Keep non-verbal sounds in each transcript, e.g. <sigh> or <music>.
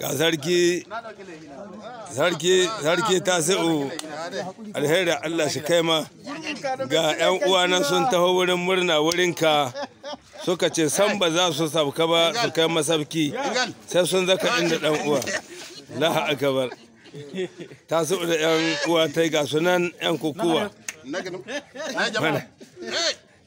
ga sarki sarki sarki ta alheri Allah shi kai ma ga 'yan uwana sun taho wurin murna wurinka suka ce san ba za su sabka ba su kai masabki sai sun zaka inda dan uwa laha akbar ta sa'u da 'yan uwa ta ga sunan 'yan kukuwa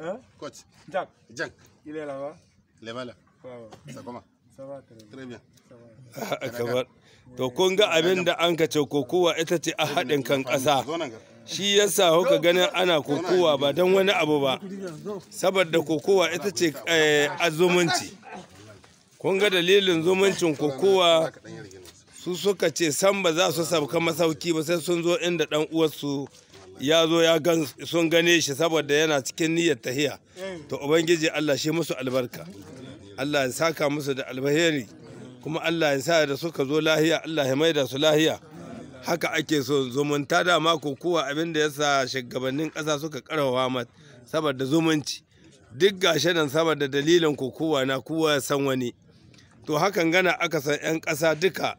Eh? Coach. Jack. Jack. Il est là-bas. Il est là. Ça comment Akabar. <laughs> To kun ga abin da an kace kokowa ita ce a haɗin kan ƙasa. Shi yasa kuka ganin ana kokowa ba don wani abu ba. Saboda kokowa ita ce eh, a zumunci. Kun ga dalilin zumuncin kokowa su suka ce san ba za su sauka masauki ba sai sun zo inda ɗan uwarsu ya zo ya gan sun gane shi saboda yana cikin niyyar tahiya to ubangiji Allah shi musu albarka Allah ya saka musu da albaheri kuma Allah ya sa da suka zo lahiya Allah ya maida su lahiya haka ake so zumunta da ko kowa abin da ya sa shugabannin ƙasa suka karawa ma saboda zumunci duk gashi nan saboda dalilin kokowa na kowa ya san wani to hakan gana aka san 'yan kasa duka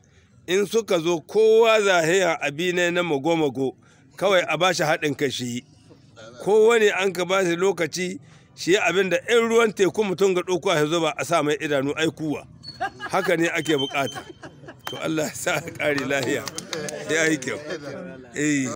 in suka zo kowa zahiya abi ne na mago-mago kawai a bashi haɗin kai shi wani an ka bashi lokaci shi abin da yan ruwan teku mutum ga ɗauko ya zuba a sa mai idanu aikuwa haka ne ake bukata to Allah ya sa ƙari lahiya ya yi kyau eh.